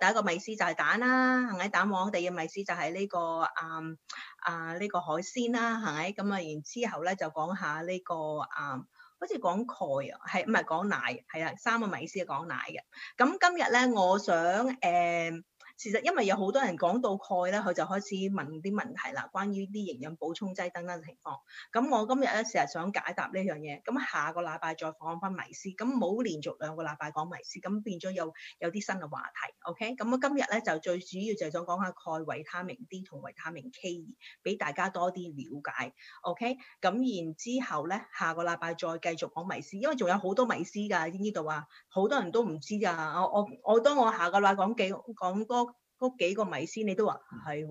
第一個米絲就係蛋啦，係咪？蛋黃。第二個米絲就係呢、這個、嗯、啊啊呢、這個海鮮啦，係咪？咁啊，然之後咧就講下呢、這個啊、嗯，好似講鈣啊，係唔係講奶？係啊，三個米絲係講奶嘅。咁、嗯、今日咧，我想誒。嗯其實因為有好多人講到鈣咧，佢就開始問啲問題啦，關於啲營養補充劑等等嘅情況。咁我今日咧成日想解答呢樣嘢，咁下個禮拜再講翻迷思，咁冇連續兩個禮拜講迷思，咁變咗有有啲新嘅話題。OK，咁啊今日咧就最主要就係想講下鈣、維他命 D 同維他命 K 二，俾大家多啲了解。OK，咁然之後咧，下個禮拜再繼續講迷思，因為仲有好多迷思㗎喺呢度啊，好多人都唔知㗎。我我我當我下個禮講幾講多。嗰幾個迷思你都話係，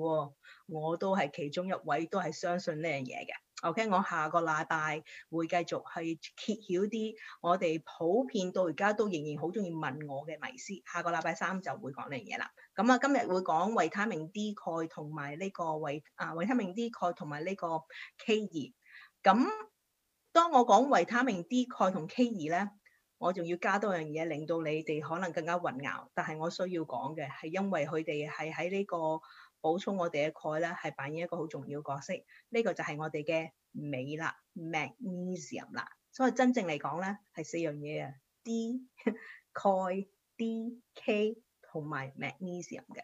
我都係其中一位，都係相信呢樣嘢嘅。OK，我下個禮拜會繼續去揭曉啲我哋普遍到而家都仍然好鍾意問我嘅迷思。下個禮拜三就會講呢樣嘢啦。咁、嗯、啊，今日會講維他命 D、這個、鈣同埋呢個維啊維他命 D、鈣同埋呢個 K 二。咁當我講維他命 D、鈣同 K 二咧？我仲要加多樣嘢，令到你哋可能更加混淆。但係我需要講嘅係因為佢哋係喺呢個補充我哋嘅鈣咧，係扮演一個好重要角色。呢個就係我哋嘅鎂啦，Magnesium 啦。所以真正嚟講咧，係四樣嘢啊，D 鈣、D K 同埋 Magnesium 嘅。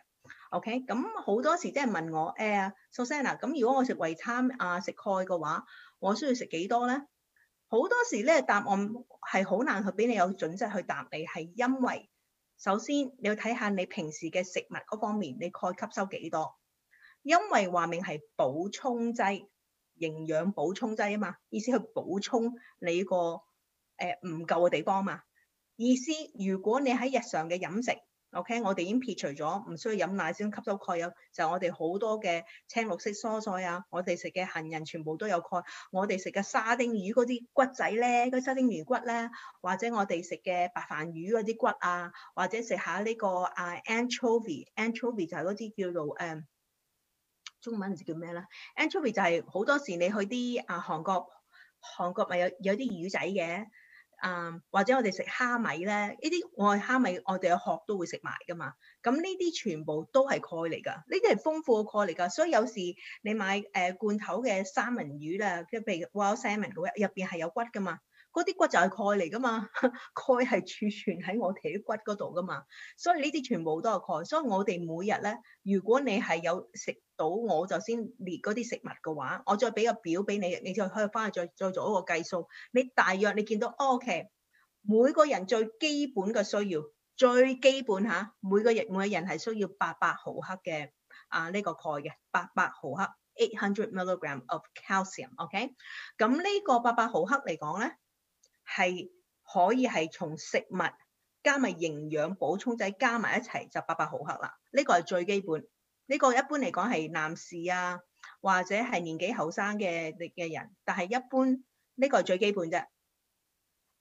OK，咁好多時即係問我誒，Susanna，咁如果我食維他啊食鈣嘅話，我需要食幾多咧？好多時咧，答案係好難去俾你有準則去答你，係因為首先你要睇下你平時嘅食物嗰方面，你鈣吸收幾多？因為話明係補充劑，營養補充劑啊嘛，意思去補充你個誒唔夠嘅地方嘛。意思如果你喺日常嘅飲食 OK，我哋已經撇除咗唔需要飲奶先吸收鈣有，就係、我哋好多嘅青綠色蔬菜啊，我哋食嘅杏仁全部都有鈣，我哋食嘅沙丁魚嗰啲骨仔咧，嗰沙丁魚骨咧，或者我哋食嘅白飯魚嗰啲骨啊，或者食下呢、這個啊、uh, anchovy，anchovy 就係嗰啲叫做誒、uh, 中文唔知叫咩啦，anchovy 就係好多時你去啲啊韓國韓國咪有有啲魚仔嘅。.啊，um, 或者我哋食蝦米咧，呢啲我蝦米我哋嘅殼都會食埋噶嘛，咁呢啲全部都係鈣嚟噶，呢啲係豐富嘅鈣嚟噶，所以有時你買誒、呃、罐頭嘅三文魚啦，即譬如哇三文魚入邊係有骨噶嘛，嗰啲骨就係鈣嚟噶嘛，鈣係儲存喺我哋啲骨嗰度噶嘛，所以呢啲全部都係鈣，所以我哋每日咧，如果你係有食。到我就先列嗰啲食物嘅話，我再俾個表俾你，你再可以翻去再再做一個計數。你大約你見到，哦，OK，每個人最基本嘅需要，最基本吓，每個人每個人係需要八百毫克嘅啊呢個鈣嘅，八百毫克 eight hundred milligram of calcium，OK。咁呢個八百毫克嚟講咧，係可以係從食物加埋營養補充劑加埋一齊就八百毫克啦。呢個係最基本。呢個一般嚟講係男士啊，或者係年紀後生嘅嘅人，但係一般呢個係最基本啫。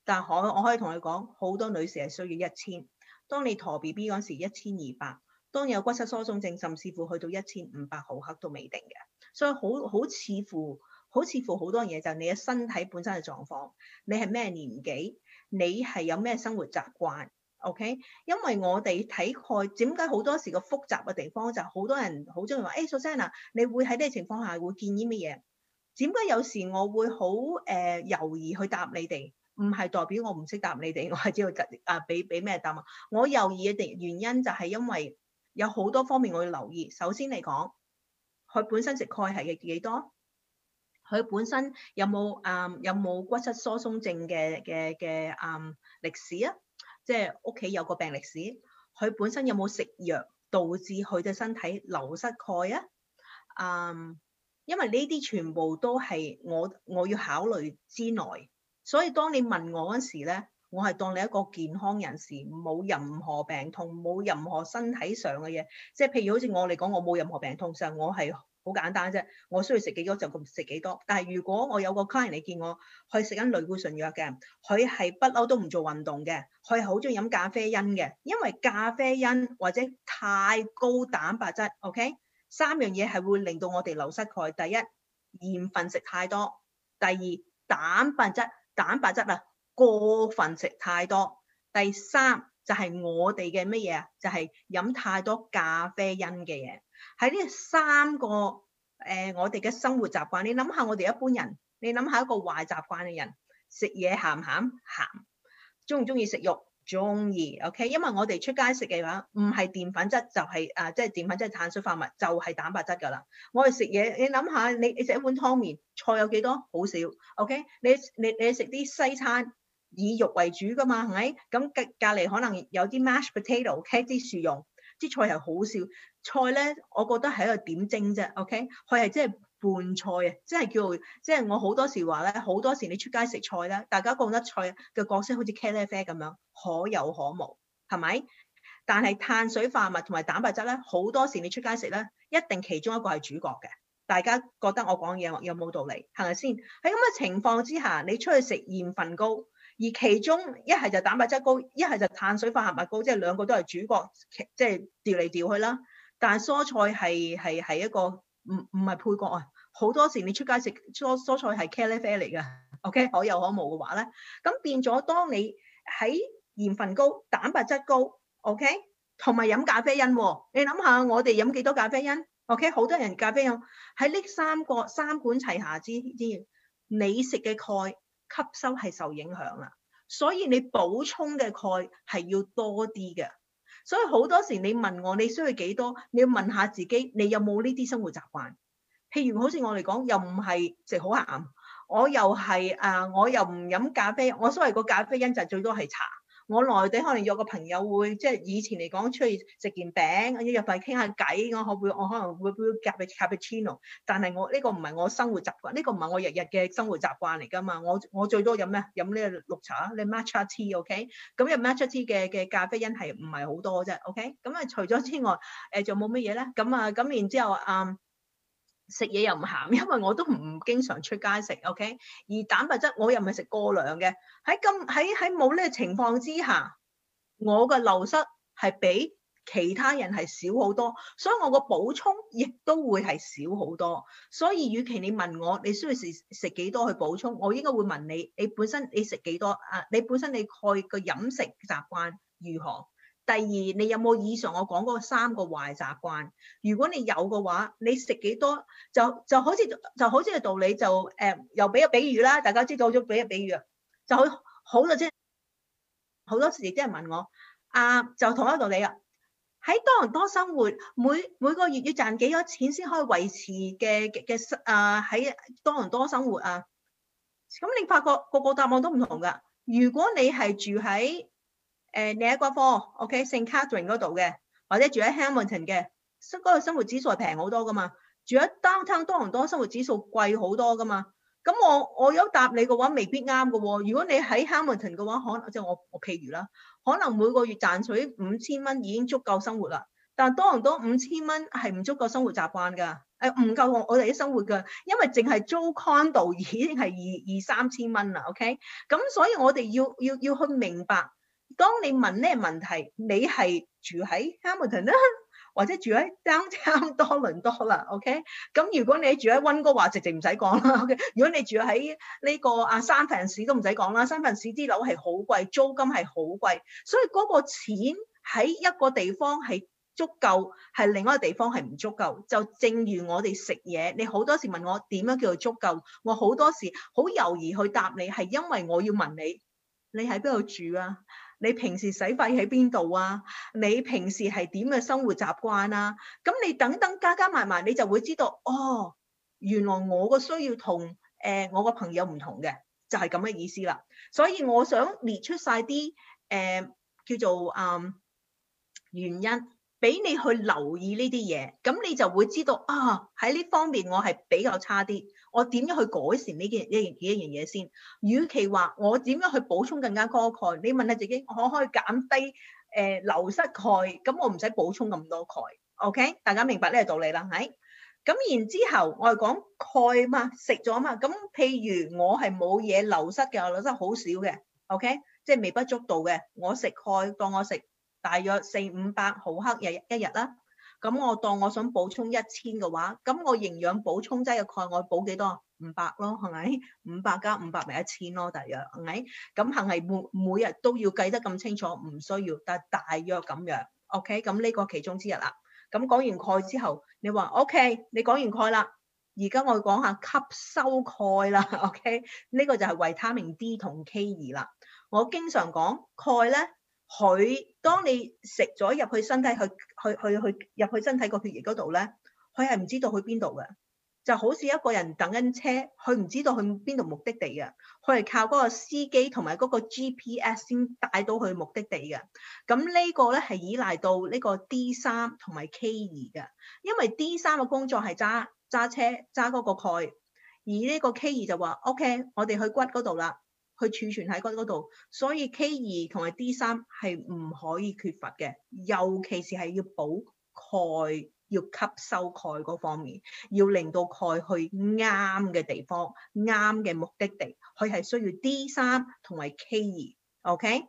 但可我，我可以同你講，好多女士係需要一千。當你陀 B B 嗰時一千二百，當有骨質疏鬆症，甚至乎去到一千五百毫克都未定嘅。所以好好似乎，好似乎好多嘢就係你嘅身體本身嘅狀況，你係咩年紀，你係有咩生活習慣。O.K.，因為我哋睇鈣，點解好多時個複雜嘅地方就好多人好中意話，誒、欸、Suzanna，你會喺呢個情況下會建議乜嘢？點解有時我會好誒、呃、猶豫去答你哋，唔係代表我唔識答你哋，我係知道答啊，俾俾咩答案？我猶豫嘅原因就係因為有好多方面我要留意。首先嚟講，佢本身食鈣係幾多？佢本身有冇啊有冇、呃、骨質疏鬆症嘅嘅嘅啊歷史啊？即係屋企有個病歷史，佢本身有冇食藥導致佢嘅身體流失鈣啊？嗯、um，因為呢啲全部都係我我要考慮之內，所以當你問我嗰時咧，我係當你一個健康人士，冇任何病痛，冇任何身體上嘅嘢，即係譬如好似我嚟講，我冇任何病痛，上我係。好簡單啫，我需要食幾多就咁食幾多。但係如果我有個 client 你見我佢食緊類固醇藥嘅，佢係不嬲都唔做運動嘅，佢係好鍾意飲咖啡因嘅，因為咖啡因或者太高蛋白質，OK？三樣嘢係會令到我哋流失鈣。第一，鹽分食太多；第二，蛋白質，蛋白質啊過分食太多；第三。就係我哋嘅乜嘢啊？就係、是、飲太多咖啡因嘅嘢。喺呢三個誒、呃，我哋嘅生活習慣，你諗下，我哋一般人，你諗下一個壞習慣嘅人，食嘢鹹唔鹹？鹹。中唔中意食肉？中意。OK，因為我哋出街食嘅話，唔係澱粉質就係、是、啊，即係澱粉質、碳水化合物就係、是、蛋白質㗎啦。我哋食嘢，你諗下，你你食一碗湯麵，菜有幾多？好少。OK，你你你食啲西餐。以肉為主㗎嘛，係咪咁？隔隔離可能有啲 mashed potato，c a 加啲薯蓉，啲菜係好少菜咧。我覺得一個點睛啫，OK？佢係即係拌菜嘅，即係叫即係我好多時話咧，好多時你出街食菜咧，大家覺得菜嘅角色好似 cater f a r 咁樣可有可無，係咪？但係碳水化合物同埋蛋白質咧，好多時你出街食咧，一定其中一個係主角嘅。大家覺得我講嘢有冇道理？係咪先喺咁嘅情況之下，你出去食鹽份高。而其中一係就蛋白質高，一係就碳水化合物高，即係兩個都係主角，即係調嚟調去啦。但係蔬菜係係係一個唔唔係配角啊！好多時你出街食蔬蔬菜係茄喱啡嚟㗎，OK 可有可無嘅話咧，咁變咗當你喺鹽分高、蛋白質高，OK，同埋飲咖啡因喎。你諗下，我哋飲幾多咖啡因？OK，好多人咖啡因喺呢三個三管齊下之之，你食嘅鈣吸收係受影響啦，所以你補充嘅鈣係要多啲嘅，所以好多時你問我你需要幾多，你要問下自己你有冇呢啲生活習慣，譬如好似我嚟講，又唔係食好鹹，我又係啊，我又唔飲咖啡，我所謂個咖啡因就係最多係茶。我內地可能有個朋友會，即係以前嚟講出去食件餅，要入嚟傾下偈，我可能會 ino, 我可能會會加杯 cappuccino，但係我呢個唔係我生活習慣，呢、這個唔係我日日嘅生活習慣嚟㗎嘛，我我最多飲咩？飲呢個綠茶，你、這個、matcha tea，OK？咁有 matcha tea 嘅、okay? 嘅咖啡因係唔係好多啫，OK？咁啊除咗之外，誒、呃、仲有冇乜嘢咧？咁啊咁然之後啊。嗯食嘢又唔鹹，因為我都唔經常出街食，OK。而蛋白質我又唔係食過量嘅，喺咁喺喺冇呢個情況之下，我嘅流失係比其他人係少好多，所以我個補充亦都會係少好多。所以，與其你問我你需要食食幾多去補充，我應該會問你你本身你食幾多啊？你本身你鈣嘅飲食習慣如何？第二，你有冇以上我講嗰三個壞習慣？如果你有嘅話，你食幾多就就好似就好似嘅道理就。誒、呃，又俾個比喻啦，大家知道咗俾個比喻啊，就好好嘅先。好多時啲人問我啊，就同一道理啊，喺多倫多生活，每每個月要賺幾多錢先可以維持嘅嘅嘅啊？喺多倫多生活啊，咁你發覺個個答案都唔同噶。如果你係住喺誒、呃，你喺國科，OK，聖 Catherine 嗰度嘅，或者住喺 Hamilton 嘅，嗰個生活指數係平好多噶嘛？住喺 downtown 多倫多，生活指數貴好多噶嘛？咁我我有答你嘅話，未必啱嘅喎。如果你喺 Hamilton 嘅話，可能即係我我譬如啦，可能每個月賺取五千蚊已經足夠生活啦。但係多倫多五千蚊係唔足夠生活習慣㗎，誒唔夠我哋啲生活㗎，因為淨係租 condo 已經係二二三千蚊啦，OK？咁所以我哋要要要，要去明白。當你問咩問題，你係住喺 Hamilton 啦，或者住喺 downtown 多倫多啦，OK？咁如果你住喺溫哥華，直直唔使講啦。OK？如果你住喺呢個啊三藩市都唔使講啦，三藩市啲樓係好貴，租金係好貴，所以嗰個錢喺一個地方係足夠，係另外一個地方係唔足夠。就正如我哋食嘢，你好多時問我點樣叫做足夠，我好多時好猶豫去答你，係因為我要問你，你喺邊度住啊？你平時使費喺邊度啊？你平時係點嘅生活習慣啊？咁你等等加加埋埋，你就會知道哦。原來我個需要同誒、呃、我個朋友唔同嘅，就係咁嘅意思啦。所以我想列出晒啲誒叫做啊、呃、原因。俾你去留意呢啲嘢，咁你就會知道啊，喺呢方面我係比較差啲，我點樣去改善呢件一樣嘢先？與其話我點樣去補充更加多鈣，你問下自己，我可以減低誒、呃、流失鈣，咁我唔使補充咁多鈣。OK，大家明白呢、呢個道理啦，係。咁然之後我係講鈣嘛，食咗啊嘛，咁譬如我係冇嘢流失嘅，我流失好少嘅，OK，即係微不足道嘅，我食鈣當我食。大約四五百毫克日一日啦，咁我當我想補充一千嘅話，咁我營養補充劑嘅鈣我補幾多啊？五百咯，係咪？五百加五百咪一千咯，大約係咪？咁係咪每每日都要計得咁清楚？唔需要，但大約咁樣。OK，咁呢個其中之一啦。咁講完鈣之後，你話 OK，你講完鈣啦，而家我講下吸收鈣啦。OK，呢個就係維他命 D 同 K 二啦。我經常講鈣咧。佢當你食咗入去身體，去去去去入去身體個血液嗰度咧，佢係唔知道去邊度嘅，就好似一個人等緊車，佢唔知道去邊度目的地嘅，佢係靠嗰個司機同埋嗰個 GPS 先帶到去目的地嘅。咁呢個咧係依賴到呢個 D 三同埋 K 二嘅，因為 D 三嘅工作係揸揸車揸嗰個鈣，而呢個 K 二就話 OK，我哋去骨嗰度啦。佢儲存喺嗰度，所以 K 二同埋 D 三係唔可以缺乏嘅，尤其是係要補鈣，要吸收鈣嗰方面，要令到鈣去啱嘅地方，啱嘅目的地，佢係需要 D 三同埋 K 二。OK，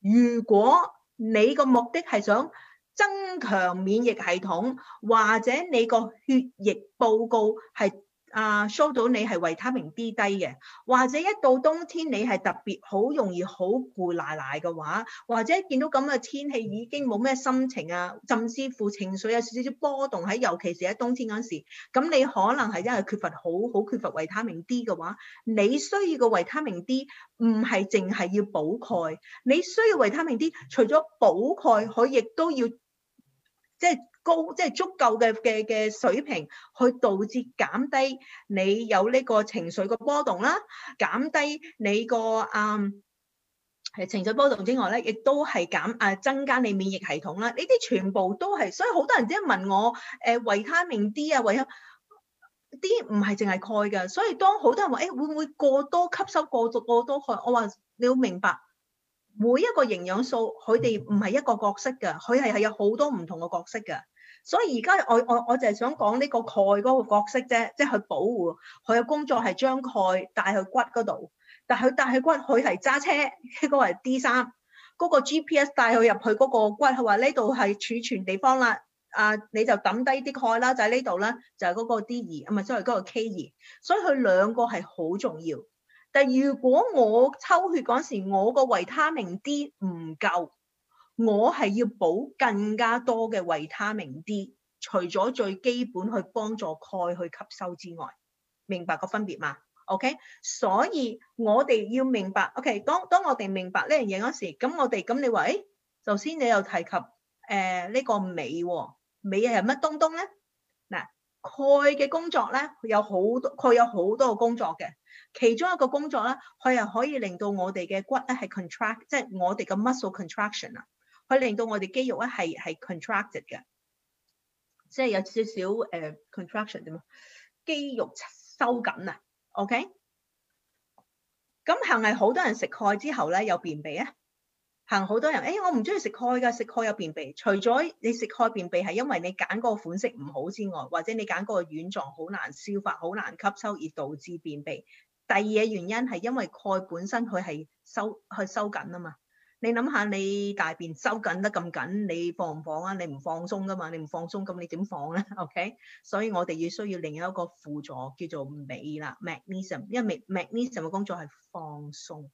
如果你個目的係想增強免疫系統，或者你個血液報告係。啊，收、呃、到你係維他命 D 低嘅，或者一到冬天你係特別好容易好攰攰嘅話，或者見到咁嘅天氣已經冇咩心情啊，甚至乎情緒有少少波動喺，尤其是喺冬天嗰陣時，咁你可能係因為缺乏好好缺乏維他命 D 嘅話，你需要個維他命 D 唔係淨係要補鈣，你需要維他命 D 除咗補鈣，佢亦都要即係。高即係、就是、足夠嘅嘅嘅水平，去導致減低你有呢個情緒嘅波動啦，減低你個啊係情緒波動之外咧，亦都係減啊增加你免疫系統啦。呢啲全部都係，所以好多人即係問我誒、呃、維他命 D 啊，維有 D 唔係淨係鈣嘅，所以當好多人話誒、欸、會唔會過多吸收過足過多鈣，我話你要明白每一個營養素佢哋唔係一個角色㗎，佢係係有好多唔同嘅角色㗎。所以而家我我我就係想講呢個鈣嗰個角色啫，即係去保護佢嘅工作係將鈣帶去骨嗰度，但佢帶去骨佢係揸車，呢、那個係 D 三，嗰個 GPS 帶佢入去嗰個骨，佢話呢度係儲存地方啦，啊你就抌低啲鈣啦，就喺呢度啦，就係、是、嗰個 D 二啊，唔係即係嗰個 K 二，所以佢兩個係好重要。但如果我抽血嗰陣時，我個維他命 D 唔夠。我係要補更加多嘅維他命 D，除咗最基本去幫助鈣去吸收之外，明白個分別嘛？OK，所以我哋要明白 OK 當。當當我哋明白呢樣嘢嗰時，咁我哋咁你話，首先你又提及誒呢、呃這個鎂喎、鎂，又係乜東東咧？嗱，鈣嘅工作咧有好多，佢有好多個工作嘅，其中一個工作咧，佢又可以令到我哋嘅骨咧係 contract，即係我哋嘅 muscle contraction 啊。佢令到我哋肌肉咧係係 contracted 嘅，即係有少少誒、uh, contraction 啫嘛，肌肉收緊啊。OK，咁行係好多人食鈣之後咧有便秘啊，行好多人誒、哎、我唔中意食鈣噶，食鈣有便秘。除咗你食鈣便秘係因為你揀嗰個款式唔好之外，或者你揀嗰個軟狀好難消化、好難吸收而導致便秘。第二嘅原因係因為鈣本身佢係收佢收緊啊嘛。你諗下，你大便收緊得咁緊，你放唔放啊？你唔放鬆㗎嘛，你唔放鬆咁，你點放咧？OK，所以我哋要需要另一個輔助叫做鎂啦，Magnesium，因為 Magnesium 嘅工作係放鬆，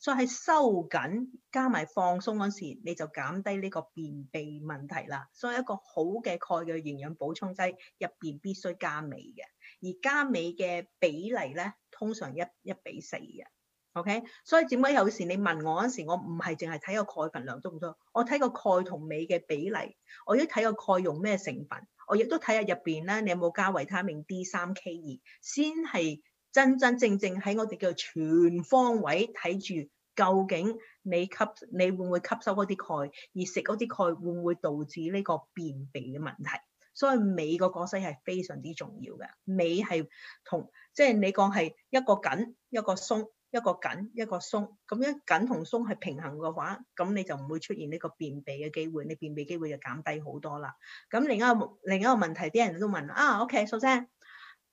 所以喺收緊加埋放鬆嗰時，你就減低呢個便秘問題啦。所以一個好嘅鈣嘅營養補充劑入邊必須加鎂嘅，而加鎂嘅比例咧，通常一一比四嘅。OK，所以點解有時你問我嗰時，我唔係淨係睇個鈣份量多唔多，我睇個鈣同鎂嘅比例，我亦都睇個鈣用咩成分，我亦都睇下入邊咧，你有冇加維他命 D 三 K 二，先係真真正正喺我哋叫做全方位睇住究竟你吸你會唔會吸收嗰啲鈣，而食嗰啲鈣會唔會導致呢個便秘嘅問題？所以鎂個角色係非常之重要嘅，鎂係同即係你講係一個緊一個鬆。一個緊一個鬆，咁樣緊同鬆係平衡嘅話，咁你就唔會出現呢個便秘嘅機會，你便秘機會就減低好多啦。咁另一個另一個問題，啲人都問啊，OK，蘇生，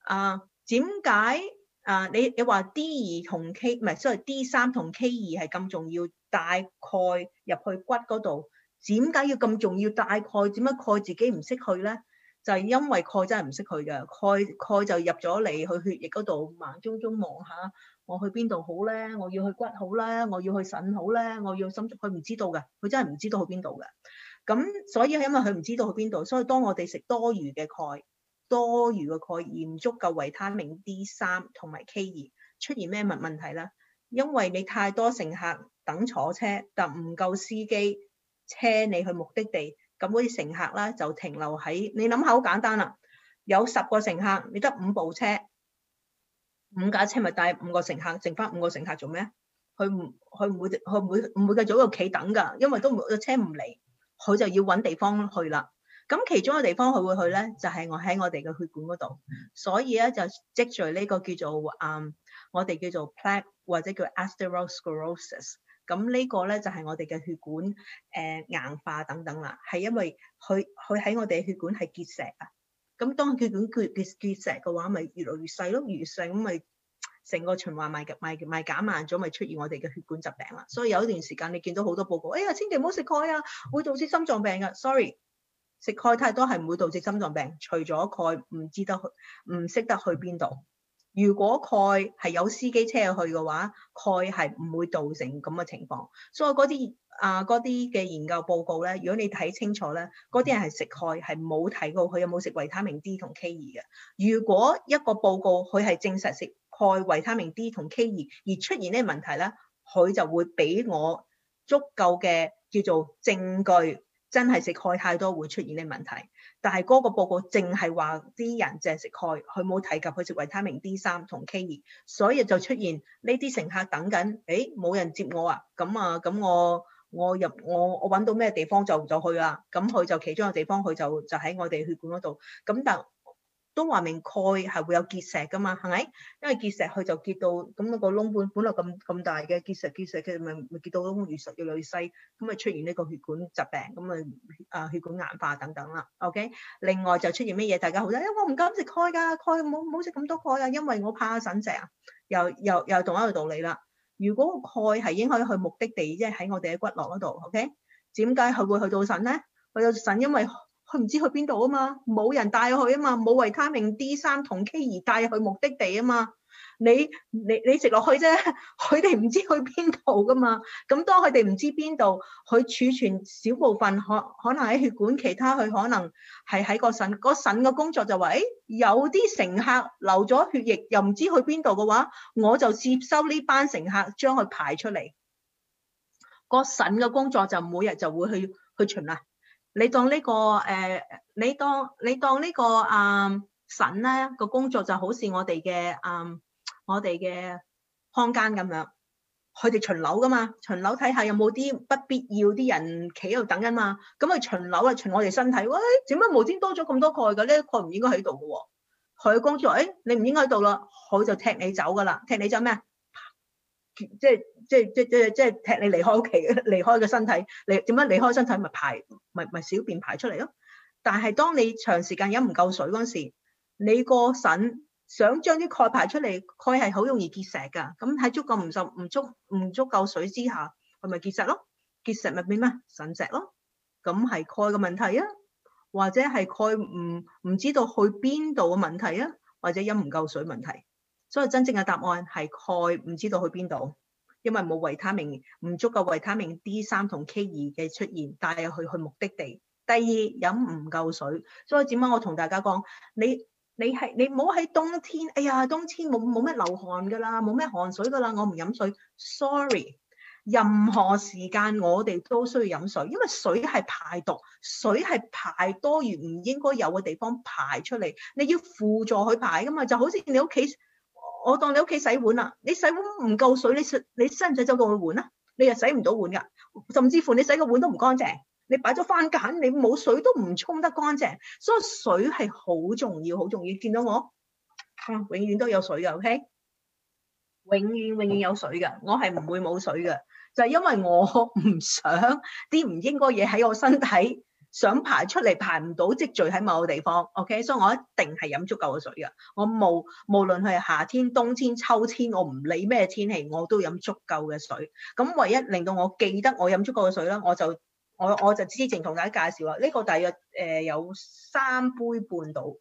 啊點解啊你你話 D 二同 K 唔係，所以 D 三同 K 二係咁重要？大概入去骨嗰度，點解要咁重要？大概點解鈣自己唔識去咧？就係因為鈣真係唔識去嘅，鈣鈣就入咗你去血液嗰度，盲中中望下。我去邊度好咧？我要去骨好啦，我要去腎好啦，我要心，佢唔知道嘅，佢真係唔知道去邊度嘅。咁所以係因為佢唔知道去邊度，所以當我哋食多餘嘅鈣，多餘嘅鈣而唔足夠維他命 D 三同埋 K 二，出現咩問問題咧？因為你太多乘客等坐車，但唔夠司機車你去目的地，咁嗰啲乘客咧就停留喺。你諗下，好簡單啦，有十個乘客，你得五部車。五架車咪帶五個乘客，剩翻五個乘客做咩？佢唔佢唔會佢唔會唔會繼續喺度企等噶，因為都唔個車唔嚟，佢就要揾地方去啦。咁其中一個地方佢會去咧，就係、是、我喺我哋嘅血管嗰度，所以咧就積聚呢個叫做誒，我哋叫做 plaque 或者叫 atherosclerosis。咁呢個咧就係、是、我哋嘅血管誒硬化等等啦，係因為佢佢喺我哋血管係結石啊。咁當血管結結結石嘅話，咪越嚟越細咯，越細咁咪成個循環咪減咪咪減慢咗，咪出現我哋嘅血管疾病啦。所以有一段時間你見到好多報告，哎呀，千祈唔好食鈣啊，會導致心臟病㗎、啊。Sorry，食鈣太多係唔會導致心臟病，除咗鈣唔知得去唔識得去邊度。如果鈣係有司機車去嘅話，鈣係唔會造成咁嘅情況。所以嗰啲。啊，嗰啲嘅研究報告咧，如果你睇清楚咧，嗰啲人係食鈣係冇睇過佢有冇食維他命 D 同 K 二嘅。如果一個報告佢係證實食鈣、維他命 D 同 K 二而出現呢個問題咧，佢就會俾我足夠嘅叫做證據，真係食鈣太多會出現呢個問題。但係嗰個報告淨係話啲人淨係食鈣，佢冇提及佢食維他命 D 三同 K 二，所以就出現呢啲乘客等緊，誒、欸、冇人接我啊，咁啊咁我。我入我我揾到咩地方就就去啊，咁佢就其中嘅地方，佢就就喺我哋血管嗰度。咁但都話明鈣係會有結石噶嘛，係咪？因為結石佢就結到咁嗰個窿本本來咁咁大嘅結石結石，佢咪咪結到窿越嚟越細，咁咪出現呢個血管疾病，咁咪啊血管硬化等等啦。OK，另外就出現咩嘢？大家好啦，因、哎、我唔敢食鈣噶，鈣冇好食咁多鈣啊，因為我怕腎石啊，又又又同一個道理啦。如果個鈣係應該去目的地，即係喺我哋嘅骨骼嗰度，OK？點解佢會去到腎咧？去到腎，因為佢唔知去邊度啊嘛，冇人帶佢啊嘛，冇維他命 D 三同 K 二帶佢目的地啊嘛。你你你食落去啫，佢哋唔知去邊度噶嘛，咁當佢哋唔知邊度，佢儲存少部分可可能喺血管，其他佢可能係喺個腎。個腎嘅工作就話，誒、欸、有啲乘客流咗血液，又唔知去邊度嘅話，我就接收呢班乘客，將佢排出嚟。個腎嘅工作就每日就會去去循環。你當呢、這個誒、呃，你當你當、這個呃、呢個啊腎咧個工作就好似我哋嘅啊。呃我哋嘅空間咁樣，佢哋巡樓噶嘛，巡樓睇下有冇啲不必要啲人企喺度等啊嘛，咁佢巡樓啊巡我哋身體，喂，點解無端多咗咁多鈣嘅咧？鈣唔應該喺度嘅喎，佢工作，誒、欸，你唔應該喺度啦，佢就踢你走噶啦，踢你走咩，啊？即係即係即係即係即係踢你離開屋企，離開個身體，你點解離開身體咪排咪咪小便排出嚟咯？但係當你長時間飲唔夠水嗰陣時，你個腎。想將啲鈣排出嚟，鈣係好容易結石噶。咁喺足夠唔受唔足唔足夠水之下，係咪結石咯？結石咪變咩腎石咯？咁係鈣嘅問題啊，或者係鈣唔唔知道去邊度嘅問題啊，或者飲唔夠水問題。所以真正嘅答案係鈣唔知道去邊度，因為冇維他命，唔足夠維他命 D 三同 K 二嘅出現帶入去去目的地。第二飲唔夠水。所以點解我同大家講你？你係你唔好喺冬天，哎呀，冬天冇冇咩流汗噶啦，冇咩汗水噶啦，我唔飲水，sorry。任何時間我哋都需要飲水，因為水係排毒，水係排多餘唔應該有嘅地方排出嚟。你要輔助佢排噶嘛，就好似你屋企，我當你屋企洗碗啦，你洗碗唔夠水，你你使唔使走到去換啊？你又洗唔到碗噶，甚至乎你洗個碗都唔乾淨。你擺咗番梘，你冇水都唔沖得乾淨，所以水係好重要，好重要。見到我啊，永遠都有水嘅，OK？永遠永遠有水嘅，我係唔會冇水嘅，就係因為我唔想啲唔應該嘢喺我身體想排出嚟，排唔到積聚喺某個地方，OK？所以我一定係飲足夠嘅水嘅。我無無論係夏天、冬天、秋天，我唔理咩天氣，我都飲足夠嘅水。咁唯一令到我記得我飲足夠嘅水啦，我就。我我就之前同大家介紹啊，呢、這個大約誒、呃、有三杯半度，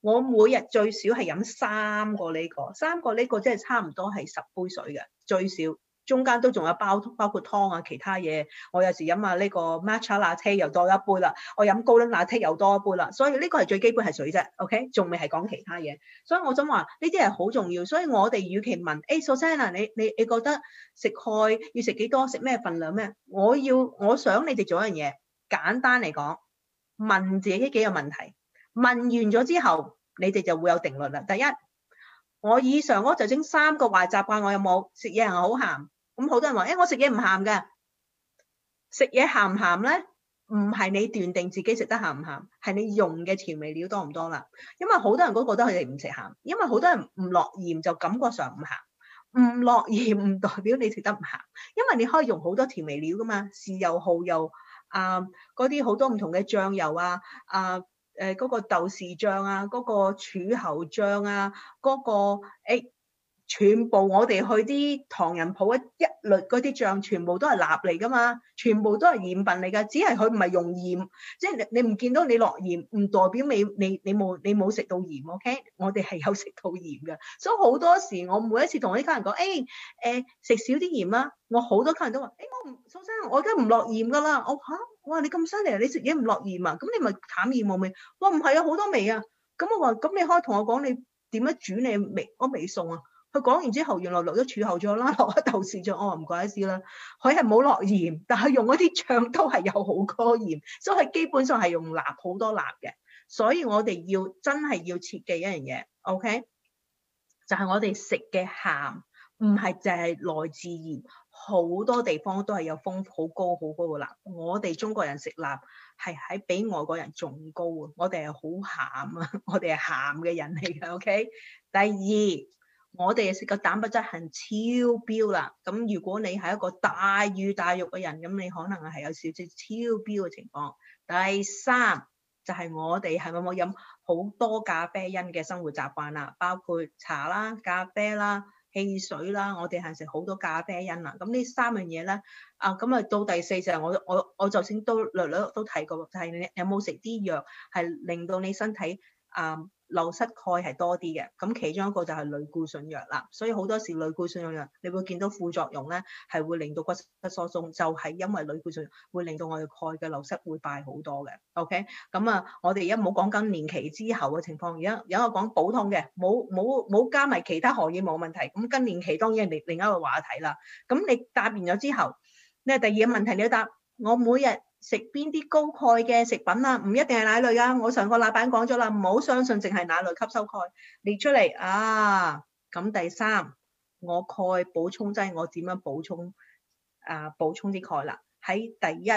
我每日最少係飲三個呢、這個，三個呢個即係差唔多係十杯水嘅最少。中間都仲有包包括湯啊，其他嘢，我有時飲下呢個 matcha latte 又多一杯啦，我飲高濃 latte 又多一杯啦，所以呢個係最基本係水啫，OK？仲未係講其他嘢，所以我想話呢啲係好重要，所以我哋與其問，誒、hey, Suzana 你你你覺得食鈣要食幾多，食咩份量咩？我要我想你哋做一樣嘢，簡單嚟講，問自己幾個問題，問完咗之後，你哋就會有定論啦。第一，我以上我就整三個壞習慣，我有冇食嘢人好鹹？咁好、嗯、多人話：誒、欸、我食嘢唔鹹㗎，食嘢鹹唔鹹咧？唔係你斷定自己食得鹹唔鹹，係你用嘅調味料多唔多啦。因為好多人都覺得佢哋唔食鹹，因為好多人唔落鹽就感覺上唔鹹，唔落鹽唔代表你食得唔鹹，因為你可以用好多調味料㗎嘛，豉油、蠔油啊，嗰啲好多唔同嘅醬油啊，啊、呃，誒、那、嗰個豆豉醬啊，嗰、那個柱侯醬啊，嗰、那個、欸全部我哋去啲唐人鋪，一一律嗰啲醬，全部都係蠟嚟噶嘛，全部都係鹽品嚟噶，只係佢唔係用鹽。即係你你唔見到你落鹽，唔代表你你你冇你冇食到鹽。OK，我哋係有食到鹽噶。所以好多時我每一次同我啲家人講，誒誒食少啲鹽啦、啊。我好多家人都話，誒、哎、我唔，蘇生，我而家唔落鹽噶啦。我嚇，我、啊、話你咁犀利你食嘢唔落鹽啊？咁你咪淡鹽冇味。我唔係有好多味啊。咁我話咁你可以同我講你點樣煮你味嗰味餸啊？佢講完之後，原來落咗柱侯醬啦，落咗豆豉醬，哦，唔怪得之啦，佢係冇落鹽，但係用嗰啲醬都係有好多鹽，所以基本上係用辣好多辣嘅。所以我哋要真係要設計一樣嘢，OK？就係我哋食嘅鹹，唔係淨係來自鹽，好多地方都係有豐富好高好高嘅辣。我哋中國人食辣係喺比外國人仲高啊，我哋係好鹹啊， 我哋係鹹嘅人嚟嘅，OK？第二。我哋食個蛋白質係超標啦，咁如果你係一個大魚大肉嘅人，咁你可能係有少少超標嘅情況。第三就係、是、我哋係咪冇飲好多咖啡因嘅生活習慣啦？包括茶啦、咖啡啦、汽水啦，我哋係食好多咖啡因啦。咁呢三樣嘢咧，啊咁啊到第四就係我我我就算都略略都提過，就係、是、你有冇食啲藥係令到你身體啊？呃流失鈣係多啲嘅，咁其中一個就係類固醇藥啦，所以好多時類固醇藥，你會見到副作用咧，係會令到骨質疏鬆，就係、是、因為類固醇會令到我哋鈣嘅流失會快好多嘅。OK，咁啊，我哋而家冇講更年期之後嘅情況，而家有一個講補通嘅，冇冇冇加埋其他荷爾蒙冇問題，咁更年期當然係另另一個話題啦。咁你答完咗之後，你第二個問題你要答，我每日。食邊啲高鈣嘅食品啦，啊，唔一定係奶類噶。我上個拉板講咗啦，唔好相信淨係奶類吸收鈣。列出嚟啊，咁第三我鈣補充劑我點樣補充啊？補充啲鈣啦。喺第一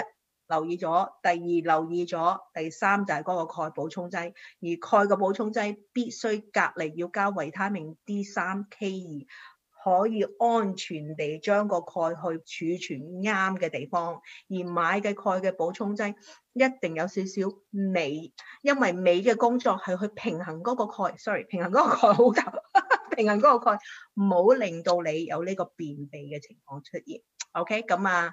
留意咗，第二留意咗，第三就係嗰個鈣補充劑。而鈣嘅補充劑必須隔籬要加維他命 D 三 K 二。可以安全地將個鈣去儲存啱嘅地方，而買嘅鈣嘅補充劑一定有少少鎂，因為鎂嘅工作係去平衡嗰個鈣，sorry 平衡嗰個鈣好舊， 平衡嗰個鈣，唔好令到你有呢個便秘嘅情況出現。OK，咁啊，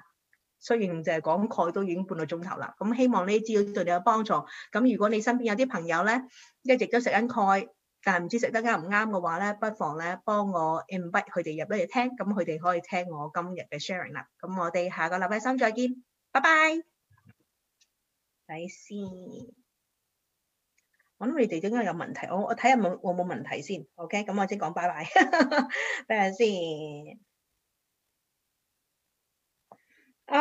雖然就係講鈣都已經半個鐘頭啦，咁希望呢啲資料對你有幫助。咁如果你身邊有啲朋友咧，一直都食緊鈣。但係唔知食得啱唔啱嘅話咧，不妨咧幫我 invite 佢哋入嚟聽，咁佢哋可以聽我今日嘅 sharing 啦。咁我哋下個禮拜三再見，拜拜。 等先，我諗你哋應該有問題，我我睇下冇我冇問題先。OK，咁我先講拜拜。 等陣先。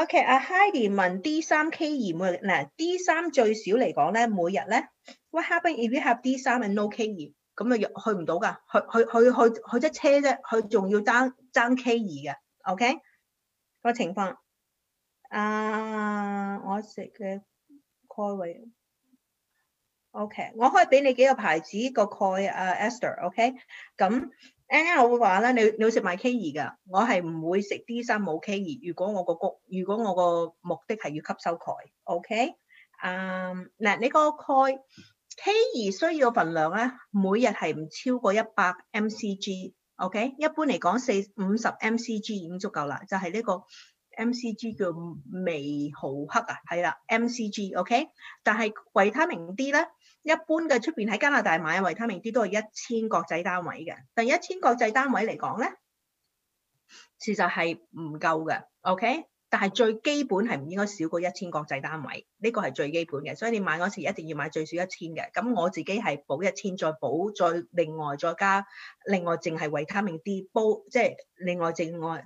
OK，阿、啊、Heidi 問 D 三 K 二每嗱、啊、D 三最少嚟講咧，每日咧 What happen if you have D 三 and no K 二？咁啊，入去唔到噶，去去去去去即車啫，佢仲要爭爭 K 二嘅，OK 個情況。啊、uh,，我食嘅鈣維，OK，我可以俾你幾個牌子個鈣啊、uh,，Esther，OK、okay?。咁，A A 我會話咧，你你會食埋 K 二噶，我係唔會食 D 三冇 K 二。如果我個谷，如果我個目的係要吸收鈣，OK。啊，嗱，你個鈣。希兒需要嘅份量咧，每日係唔超過一百 mcg，OK。一般嚟講四五十 mcg 已經足夠啦，就係呢個 mcg 叫微毫克啊，係啦，mcg OK。但係維他命 D 咧，一般嘅出邊喺加拿大買維他命 D 都係一千國際單位嘅，但一千國際單位嚟講咧，事實係唔夠嘅，OK。但係最基本係唔應該少過一千國際單位，呢個係最基本嘅，所以你買嗰時一定要買最少一千嘅。咁我自己係補一千，再補再另外再加另外淨係維他命 D 補，即係另外另外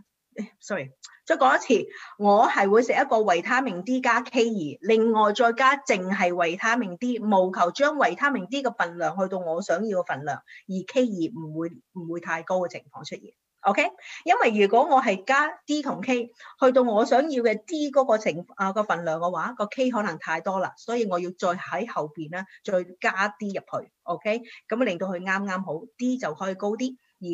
，sorry，再講一次，我係會食一個維他命 D 加 K 二，另外再加淨係維他命 D，無求將維他命 D 嘅份量去到我想要嘅份量，而 K 二唔會唔會太高嘅情況出現。OK，因為如果我係加 D 同 K，去到我想要嘅 D 嗰個情啊、嗰個份量嘅話，個 K 可能太多啦，所以我要再喺後邊咧再加 D 入去。OK，咁令到佢啱啱好 D 就可以高啲，而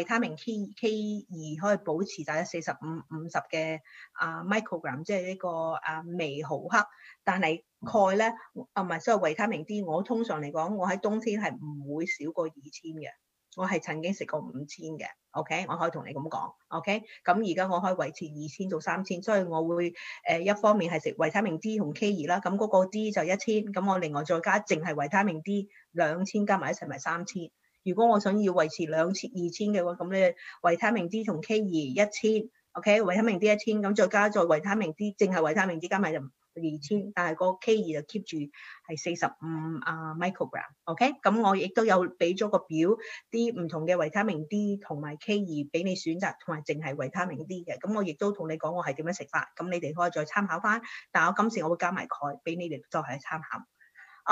維他命 K K 二可以保持大約四十五五十嘅、uh, 啊 microgram，即係呢個啊、uh, 微毫克。但係鈣咧啊唔係，所以維他命 D 我通常嚟講，我喺冬天係唔會少過二千嘅。我係曾經食過五千嘅，OK，我可以同你咁講，OK，咁而家我可以維持二千到三千，所以我會誒、呃、一方面係食維他命 D 同 K 二啦，咁嗰個 D 就一千，咁我另外再加淨係維他命 D 兩千加埋一齊咪三千。如果我想要維持兩千二千嘅話，咁咧維他命 D 同 K 二一千，OK，維他命 D 一千，咁再加再維他命 D，淨係維他命 D 加埋就。二千，但係個 K 二就 keep 住係四十五，uh, 啊 microgram，OK，okay? 咁我亦都有俾咗個表，啲唔同嘅維他命 D 同埋 K 二俾你選擇，同埋淨係維他命 D 嘅，咁我亦都同你講我係點樣食法，咁你哋可以再參考返。但我今次我會加埋鈣俾你哋作為參考。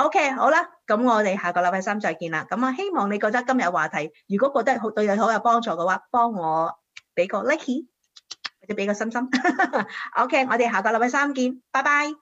OK，好啦，咁我哋下個禮拜三再見啦。咁啊，希望你覺得今日話題，如果覺得好對你好有幫助嘅話，幫我俾個 like。就俾個心心，OK，我哋下個禮拜三見，拜拜。